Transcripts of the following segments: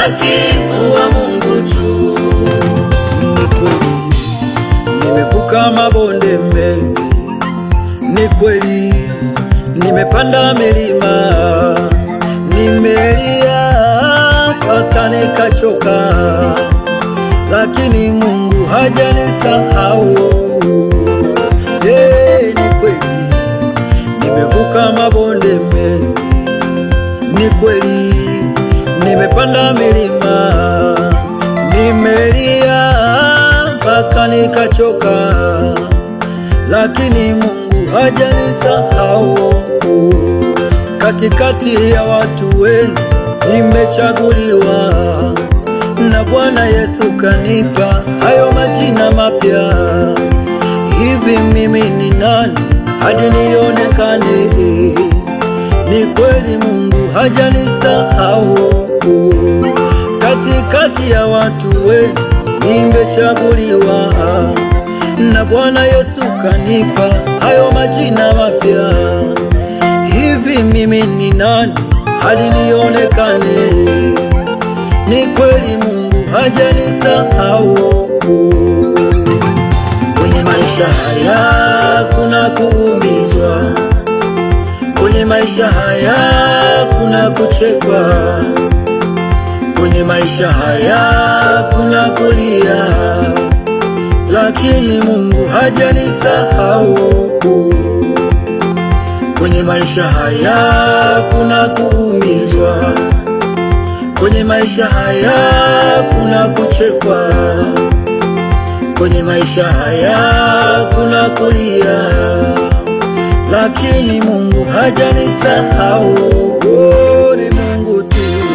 haki kuwa Mungu tu. Ni kweli nimevuka mabonde mengi, ni kweli nimepanda milima, nimelia mpaka nikachoka, lakini Mungu hajanisahau. Hey, nimevuka mabonde mengi, kweli nimepanda milima, nimelia mpaka nikachoka, lakini Mungu hajanisahau. Katikati ya watu wengi nimechaguliwa, na Bwana Yesu kanipa hayo majina mapya. Hivi mimi ni nani hadi nionekane? Ni kweli Mungu hajanisahau. Katikati ya watu wengi nimechaguliwa, na Bwana Yesu kanipa hayo majina mapya. Hivi mimi ni nani hadi nionekane? Ni kweli Mungu hajanisahau. Kwenye maisha haya kuna kuumizwa, kwenye maisha haya kuna kuchekwa, kwenye maisha haya kuna kulia, lakini Mungu hajanisahau. Kwenye maisha haya kuna kuumizwa, kwenye maisha haya kuna kuchekwa, kwenye maisha haya kuna kulia lakini Mungu hajanisahau.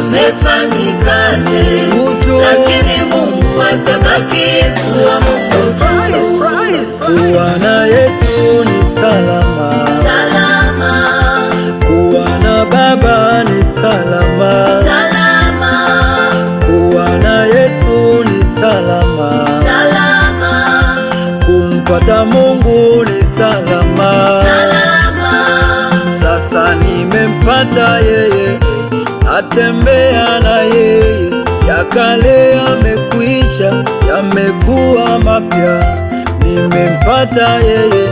amefanyikaje, lakini Mungu atabaki kuwa Mungu. Kuwa na Yesu ni salama, salama. Kuwa na Baba ni salama, salama. Kuwa na Yesu ni salama, salama. Kumpata Mungu ni salama, salama. Sasa nimempata yeye natembea na yeye, ya kale yamekwisha, yamekuwa mapya. Nimempata yeye,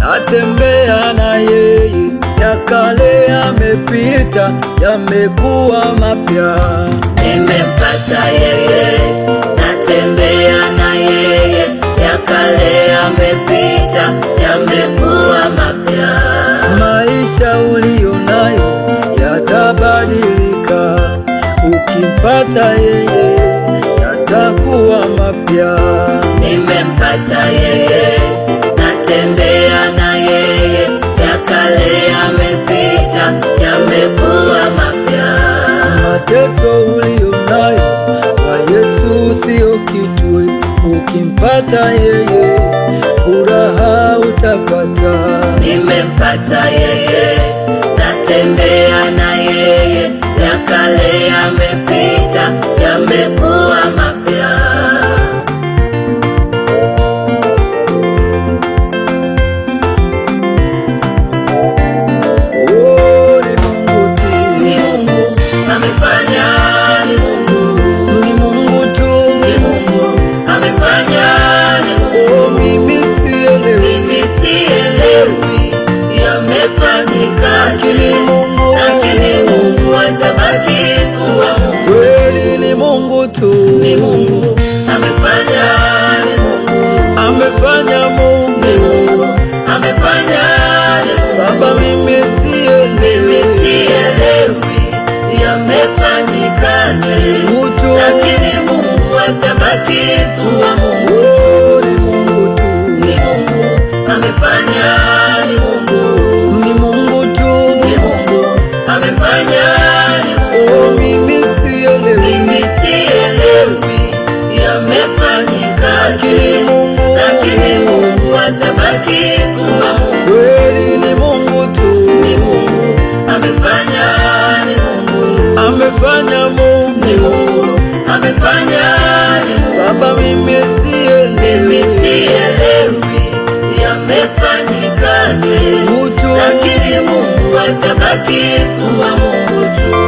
natembea na yeye, ya kale yamepita, yamekuwa mapya. Nimempata yeye, natembea na yeye, ya kale yamepita, yamekuwa mapya. Nimempata yeye yatakuwa mapya. Nimempata yeye natembea na yeye, ya kale yamepita, yamekuwa mapya. Mateso ulio nayo wa Yesu sio kitu, ukimpata yeye furaha utapata. Nimempata yeye natembea na yeye ni Mungu amefanya, ni Mungu amefanya, Mungu ni Mungu amefanya, ni Mungu Baba, mimi siye mimi sielewi yamefanyikaje, lakini Mungu atabaki kuwa Mungu ni Mungu tu, ni Mungu amefanya, ni Mungu atabaki kuwa Mungu tu.